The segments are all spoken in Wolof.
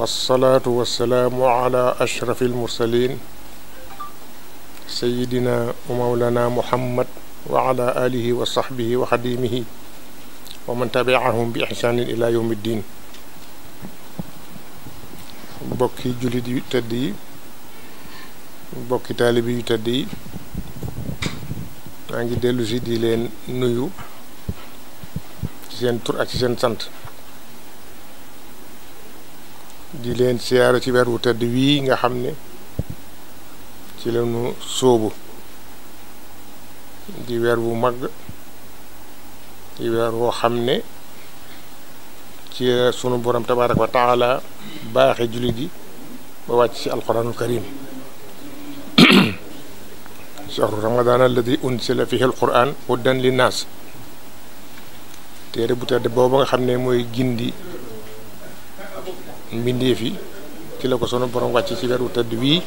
alsalaatu wassalaamu ala ashrafi almursalin sayidina wa mawlana muhammad wa ala alihi wa sahbihi wa xadimihi wa man tabiahum bi ihsaanin ila yawmi ddin bokki jullit yu bokki taalibi yu tëdd yi ngi dellu si di leen nuyu seen tur ak seen sant di leen siyaara ci weer wu tedd wii nga xam ne ci lañu soobu di weer wu mag di weer woo xam ne ci sunu borom tabaaraka wa taala baaxe jullit yi ba wàcc ci alquranul karim chahru ramadan alladi unsila fihi alquran hudan linnaas téere bu tedd booba nga xam ne mooy gindi mbindeef yi ci la ko sunu borom wàcc ci weeru tëdd wii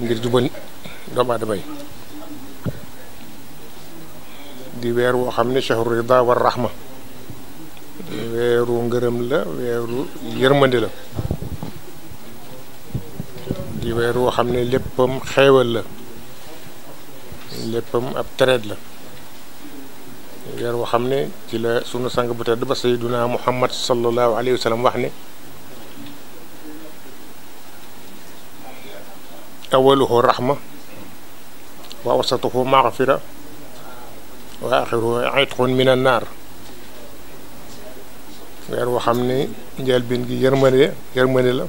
ngir jubal doomu aadama yi di weer woo xam ne shahru rida war rahma weeru ngërëm la weeru yërmande la di weer woo xam ne léppam xeewal la léppam ab tereet la weer woo xam ne ci la sunu sang bu tedd ba sayyiduna muhammad sallallahu alayhi wa sallam wax ne awaluhu rahma wa wasatuhu maxfira wa axiruhu itqun min an naar weer woo xam ni njëlbéen gi yërmande yërmande la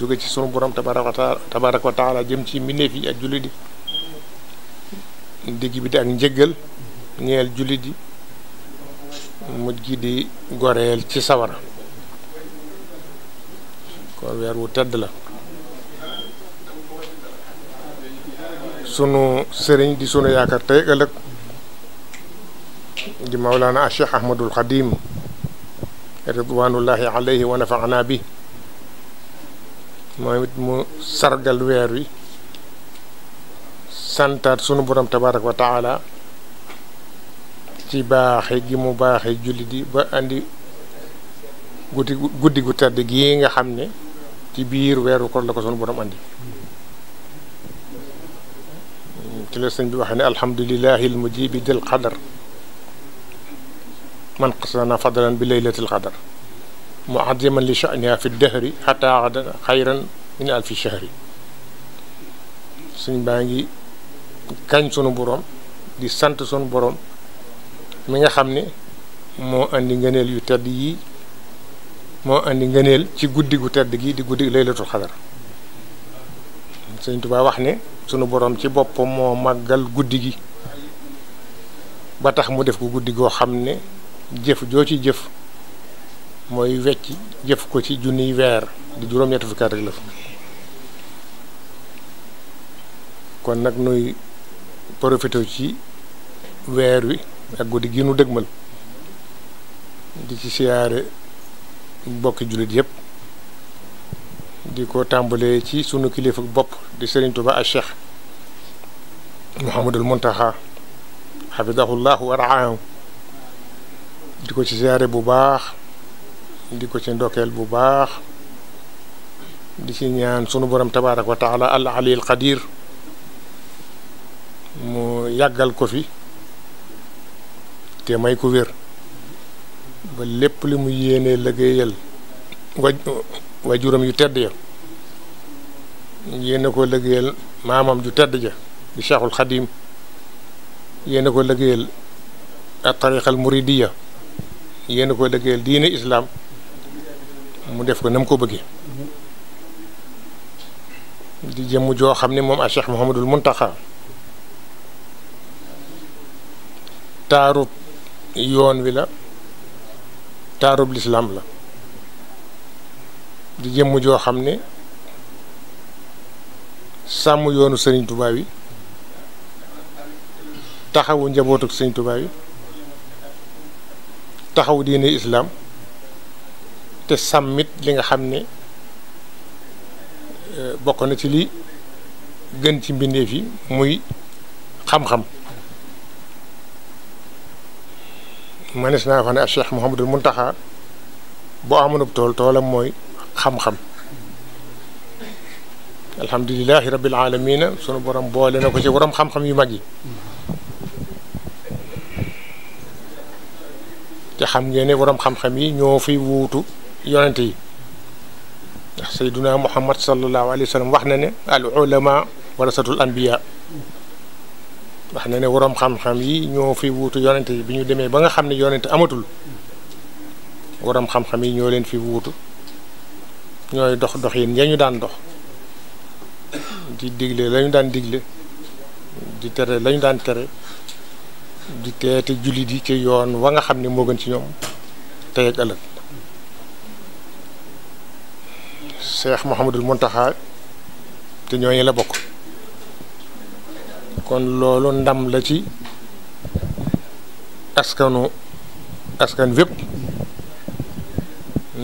jóge ci sunu borom tabarak wa taala tabarak wa taala jëm ci mbindeef yi ak jullit yi digg bi di ak njëggal ñeel jullit yi mujj gi di goreel ci sawara kon weer wu tedd la sunu sëriñ di sunu yaakaar tey ëllëg di mawlaana a ahmadul xadim ridwanullahi alayhi wa nafaana bi moom it mu sargal weer wi santaat sunu borom tabaaraka wa taala ci baaxe gi mu baaxe julli di ba andi guddi guddi gu tedd gii nga xam ne ci biir weeru koor la ko sunu borom andi ci la sëñ bi waxee ne alhamdulilahi almujibi dil qadar man qasana fadlan bi laylatil qadar muadiman li sha'niha fi dahri xataa adan xayran min alfi shahri suñ baa ngi kañ sunu borom di sant sunu borom mi nga xam ni moo indi ngëneel yu tedd yii moo indi ngëneel ci guddi gu tedd gii di guddi laylatul xadar sëñ Tuubaa wax ne sunu borom ci boppam moo màggal guddi gi ba tax mu def ko guddi goo xam ne jëf joo ci jëf mooy wecc jëf ko ci junniy weer di juróom-ñetti fukki at ak kon nag nuy profité ci weer wi ak guddi gi nu dëgmal di ci siyaare bokki jullit yëpp di ko tàmbalee ci sunu kilifa bopp di Serigne Touba ak Cheikh Mouhamadul Muntaha xafidahullahu wa di ko ci ziare bu baax di ko ci ndokkeel bu baax di ci ñaan sunu borom tabaarak wa taala al aliyil mu yàggal ko fi te may ko wér ba lépp li mu yéenee liggéeyal waj wajuram yu tedd ya yéen a ko liggéeyal maamam ju tedd ja di Cheikhul Xadim yéen a ko liggéeyal ak tariqal muridiya yéen a ko liggéeyal diine islaam mu def ko na ko bëggee di jëmm joo xam ne moom a Cheikh Mouhamadul Muntaxa taarub yoon wi la taarub lislaam la di jëmm joo xam ne sàmm yoonu sëriñ Touba yi taxawu njabootu sëriñ Touba yi taxawu diine islaam te sàmmit li nga xam ni euh, bokk na ci li gën ci mbindeef yi muy xam-xam manis naa fa ne mu Cheikh Mouhamadul Muntaxa boo amoon ab tool toolam mooy xam-xam alhamdulilahi rabil alamina sunu borom boole ko ci borom xam-xam yu mag yi te xam ngeen ne borom xam-xam yi ñoo fi wuutu yonent yi ndax sayduna muhammad sallallahu alayhi wa sallam wax na ne al ulama warasatul anbiya na ne borom xam yi ñoo fi wuutu yonent bi ñu demee ba nga xam ne yonent amatul borom xam-xam yi ñoo leen fi wuutu ñooy dox dox yéen ya ñu daan dox ci digle lañu daan digle di tere lañu daan tere di teete jullit yi ci yoon wa nga xam ne moo gën ci ñoom tey ak ëllëg Cheikh Mouhamadul Mountakha te ñooñu la bokk kon loolu ndam la ci askanu askan wépp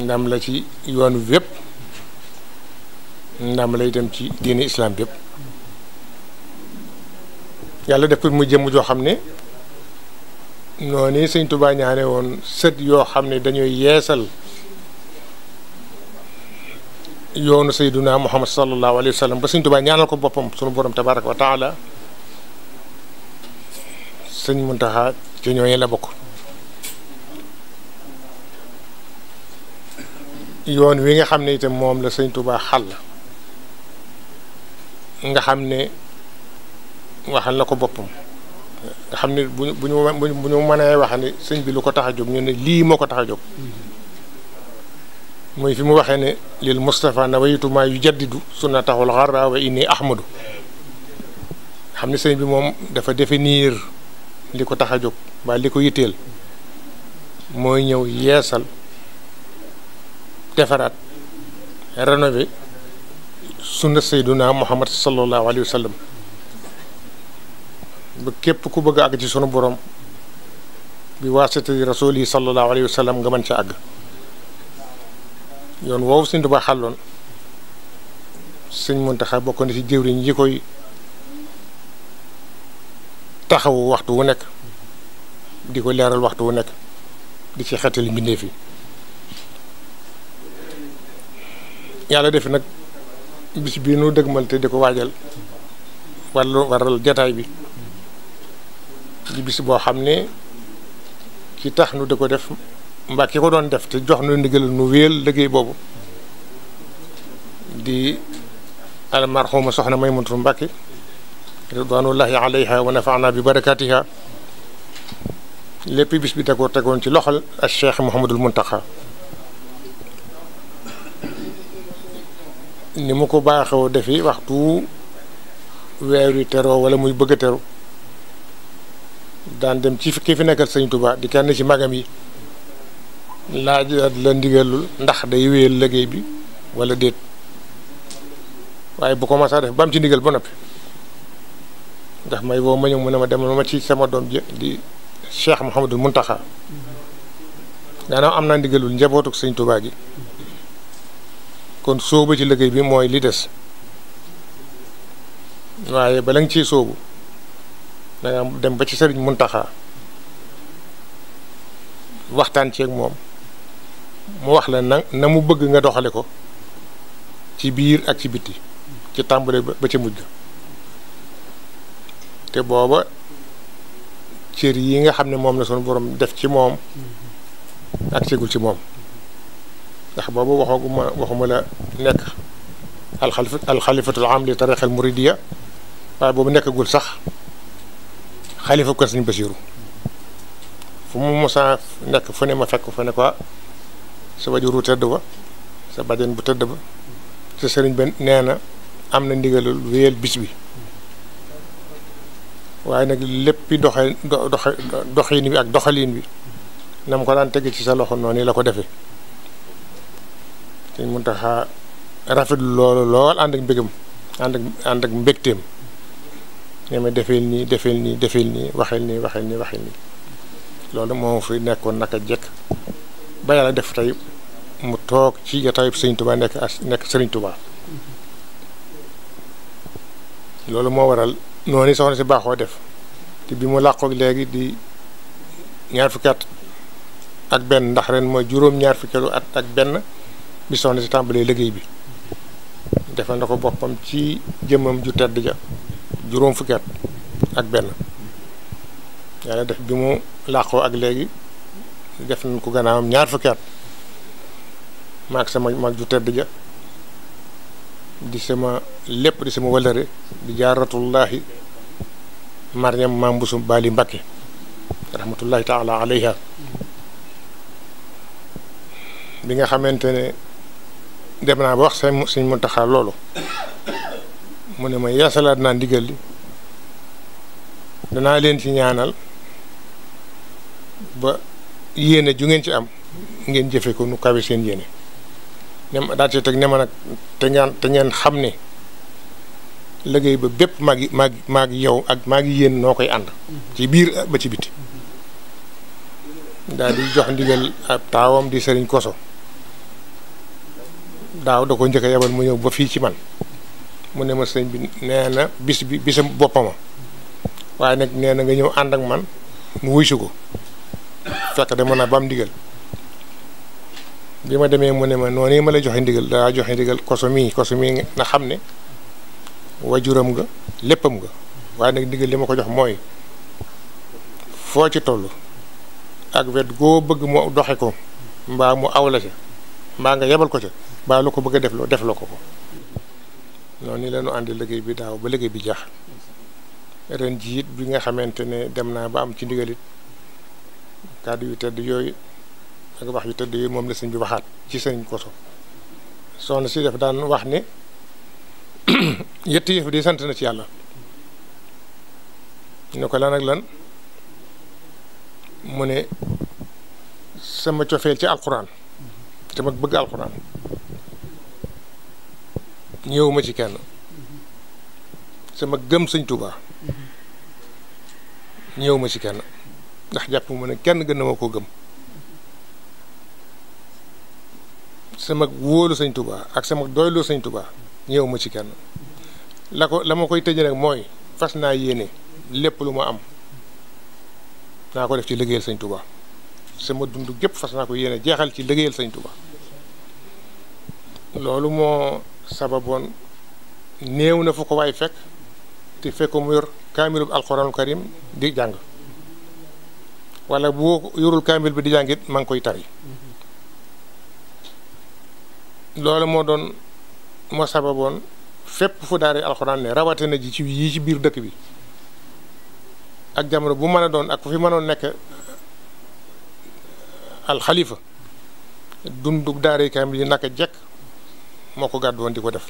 ndam la ci yoon wépp ndam la itam ci diine islam yëpp yàlla def ko muy jëmm joo xam ne noonu sëñ Tuubaa ñaane woon sët yoo xam ne dañuy yeesal yoonu sayduna muhammad sallallahu alayhi wa sallam ba sëñ Tuubaa ñaanal ko boppam sunu borom tabaraka wa taala sëñ Muntaxa ci ñooñu la bokk yoon wi nga xam ne itam moom la sëñ Tuubaa xàll nga xam ne waxal na ko boppam nga xam ne bu ñu bu ñu bu ñu wax ne sëñ bi lu ko tax a jóg ñu ne lii moo ko tax a jóg mooy fi mu waxee ne lil Moustapha nawaytu maa yu jaddidu sunnatahul xarra wa inni Ahmadu xam ne sëñ bi moom dafa définir li ko tax a jóg waa li ko yitteel mooy ñëw yeesal defaraat rénové. sunna sayduna muhammad sallallahu alayhi wa sallam ba képp ku bëgg a àgg ci sunu borom bi waasitati rasul yi sallallahu alayhi wa sallam nga mën ca àgg yoon woowu sëñ Tuubaa xàlloon sëñ Muntaxa bokk na ci jëwriñ yi koy taxawu waxtu wu nekk di ko leeral waxtu wu nekk di ci xettali mbindeef yi yàlla def nag bis bii nu dëgmal te di ko waajal wàllu waral jataay bi di bis boo xam ne kii tax nu di ko def mbaa ki ko doon def te jox nu ndigal nu wéel liggéey boobu di almarhuma soxna Maymunatu Mbàkke ridwanullahi alayha wa nafaana bi barakatiha lépp bis bi da ko tegoon ci loxol ak Cheikh Mouhamadul Muntaxa ni mu ko baaxoo defi waxtu weer yu teroo wala muy bëgg a teru daan dem ci ki fi nekkal sëñ Touba di kenn ci magam yi laajaat la ndigalul ndax day wéyal liggéey bi wala déet waaye bu ko masaa def ba am ci ndigal ba noppi ndax may boo ma mu ne ma ma ci sama doom ji di Cheikh Mouhamadul Mountakha daanaka am naa ndigalul njabootuk sëñ Touba gi. kon sóobu ci liggéey bi mooy li des waaye bala nga ciy sóobu da dem ba ci sëriñ Muntaxa waxtaan ceeg moom mu wax la na na mu bëgg nga doxale ko ci biir ak ci bitti ci tàmbale ba ca mujj te booba cër yi nga xam ne moom la sunu borom def ci moom ak cegul ci moom ndax boobu waxaguma waxuma la nekk alxalifa alxalifatul am li tariqa al muridiya waaye boobu nekkagul sax xalifa ko sëñ Basiiru fu mu mosaa nekk fu ne ma fekk fu ne ko sa wajuru tëdd ba sa bajen bu tëdd ba sa sëriñ ba nee na am na ndigalul wéyal bis bi waaye nag léppi doxe doxin bi ak doxaliin bi na mu ko daan teg ci sa loxo noonu la ko defee sëñ Muntaxa rafetlu loolu lool ànd ak mbégam ànd ak ànd ak mbégteem ne ma defeel nii defeel nii defeel nii waxeel nii waxeel nii waxeel loolu moo fi nekkoon naka jekk ba yàlla def tey mu toog ci jataayu sëriñ Tuubaa nekk as nekk sëriñ Tuubaa loolu moo waral noonu soxna si baaxoo def te bi mu làqoog léegi di ñaar fukki at ak benn ndax ren mooy juróom ñaar fukkeelu at ak benn bi soxna si tàmbalee liggéey bi defal na ko boppam ci jëmmam ju tedd ja juróom fukki at ak benn yàlla def bi mu làqoo ak léegi def nañ ko gannaawam ñaar fukki at maag sama ma ju tedd ja di sama lépp di sama wëllëre di jaaratullahi mariam maam mbusum baali mbakke rahmatullahi taala alayha bi nga xamante ne dem naa ba wax sa mu Muntaxa loolu mu ne ma yeesalaat naa ndigal li danaa leen ci ñaanal ba yéene ju ngeen ci am ngeen jëfe ko nu kawe seen yéene nem daa ci teg ne ma nag te ngeen xam ne liggéey ba bépp maa ngi maa maa yow ak maa ngi yéen noo koy ànd mm-hmm. ci biir ba ci biti mm-hmm. daal di jox ndigal ab taawam di sëriñ koso daaw da ko njëkk a yebal mu ñëw ba fii ci man mu ne ma sëñ bi nee na bis bi bisam boppama waaye nag nee na nga ñëw ànd ak man mu wuysu ko fekk dama naa ba am ndigal bi ma demee mu ne ma noonu ma la joxe ndigal daa joxe ndigal koso mii koso mii nga xam ne wajuram nga léppam nga waaye nag ndigal li ma ko jox mooy foo ci toll ak wet goo bëgg mu doxe ko mbaa mu awla ca mbaa nga yebal ko ca mbaa lu ko bëgg a def loo def loo ko ko noonu la ñu àndi liggéey bi daaw ba liggéey bi jeex ren jiit bi nga xamante ne dem naa ba am ci ndigalit kàddu yu tedd yooyu ak wax yu tedd yooyu moom la sëñ bi waxaat ci seen Koso soxna si def daan wax ne yett yëf di sant na ci yàlla ñu ko lan ak lan mu ne sama cofeel ci alxuraan te mag bëgg alxuraan ñëwuma ci kenn sama gëm sëñ Tuubaa ñëwuma ci kenn ndax jàpp ma ne kenn gën na ma koo gëm sama wóolu sëñ Tuubaa ak sama doylu sëñ Tuubaa ñëwuma ci kenn la ko la ma koy tëje nag mooy fas naa yéene lépp lu ma am naa ko def ci liggéeyal sëñ Tuubaa sama dund gépp fas naa ko yéene jeexal ci liggéeyal sëñ Tuba loolu moo sababoon néew na fu ko waay fekk te fekk mu yor kaamilub alxuraanul karim di jàng wala bu yorul kaamil bi di jàngit ma ngi koy tari loolu moo doon moo sababoon fépp fu daare alxuraan ne rawatina ji ci yii ci biir dëkk bi ak jamono bu mën a doon ak ku fi mënoon nekk alxalifa dundug daaray kaamil yi nakk jekk moo ko gàddu di ko def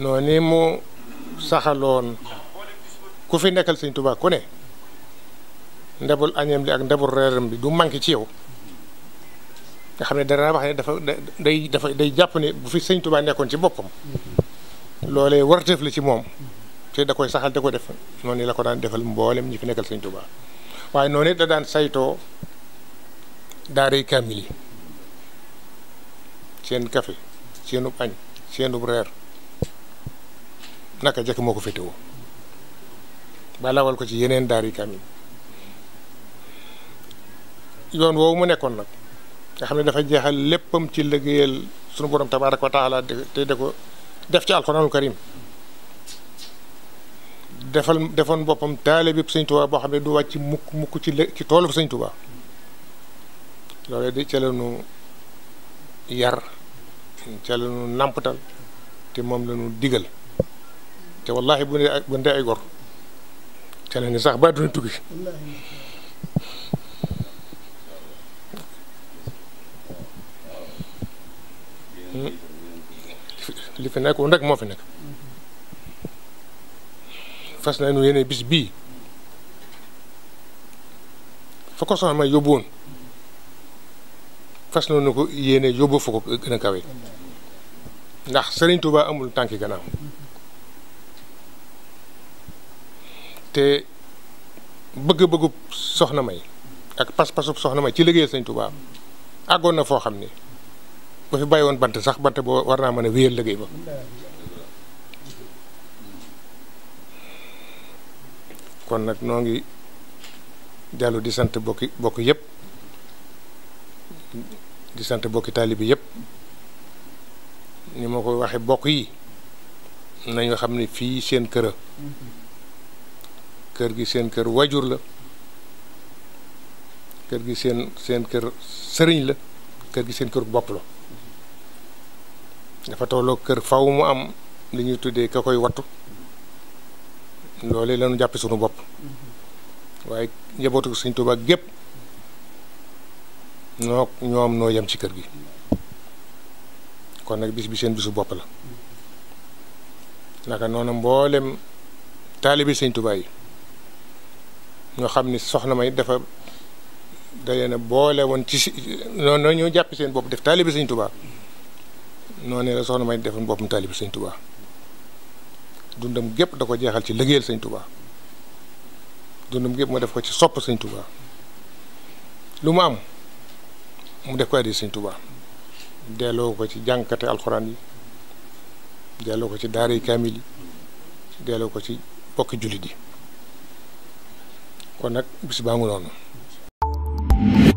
noonu mu saxaloon ku fi nekkal sëñ Tuubaa ku ne ndebul añeem li ak ndebul reeram bi du manqué ci yow nga xam ne dara wax ne dafa day dafa day jàpp ni bu fi sëñ Tuubaa nekkoon ci boppam loolee warteef la ci moom te da koy saxal da ko def noonu la ko daan defal mboolem ñi fi nekkal sëñ Tuubaa waaye noonu it da daan saytoo daaray kaamil yi seen café seenub añ seenub reer naka jekk moo ko féetewoo ba lawal ko ci yeneen daaray kaamil yoon woowu mu nekkoon nag nga xam ne dafa jeexal léppam ci liggéeyal sunu borom tabaaraka wa taala te da ko def ci alxuraanul karim defal defoon boppam taale bi sëñ Tuubaa boo xam ne du wàcc mukk mukk ci lé ci toolu sëñ Tuubaa loolu di ca la yar ca la te moom la nu digal te wallaahi bu ne bu ay gor ca la sax ba duna tukki hmm? fi nekk rek moo fi nekk fas nañu yéene bis bii fa ko soxna may yóbbu woon fas nañu ko yéene yóbbu fa ko gën a kawe ndax sëriñ Tuubaa amul tànki gannaaw te bëgg-bëggub soxna may ak pas-pasub soxna may ci liggéeyal sëriñ Tuubaa àggoon na foo xam ni ba fi bàyyi woon bant sax bant boo war naa mën a wéyal liggéey ba kon nag noo ngi dellu di sant bokki bokk yépp di sant bokki taalibi yépp ni ma ko waxee bokk yi nañu xam ne fii seen këra kër gi seen kër wajur la kër gi seen seen kër sëriñ la kër gi seen kër bopp la dafa tolloo kër faw mu am li ñuy tuddee ka koy wattu loole lañu jàppe sunu bopp waaye njabootu Sëñ Tuubaa gépp noo ñoom noo yem ci kër gi kon nag bis bi seen bisu bopp la naka noonu mboolem taalibi Sëñ Tuubaa yi ñoo xam ni soxna may dafa da leen a boole woon ci si noonu ñoo jàpp seen bopp def taalibi Sëñ Tuubaa noonu la soxna may defoon boppam taalibi Sëñ Tuubaa dundam gépp da ko jeexal ci liggéeyal sëñ tubaa dundam gépp mu def ko ci sopp sëñ tubaa lu mu am mu def ko addi sëñ tubaa delloo ko ci jànqate alxuraan yi delloo ko ci daaray kaamil yi delloo ko ci bokki jullit yi kon nag bis baa ngi noonu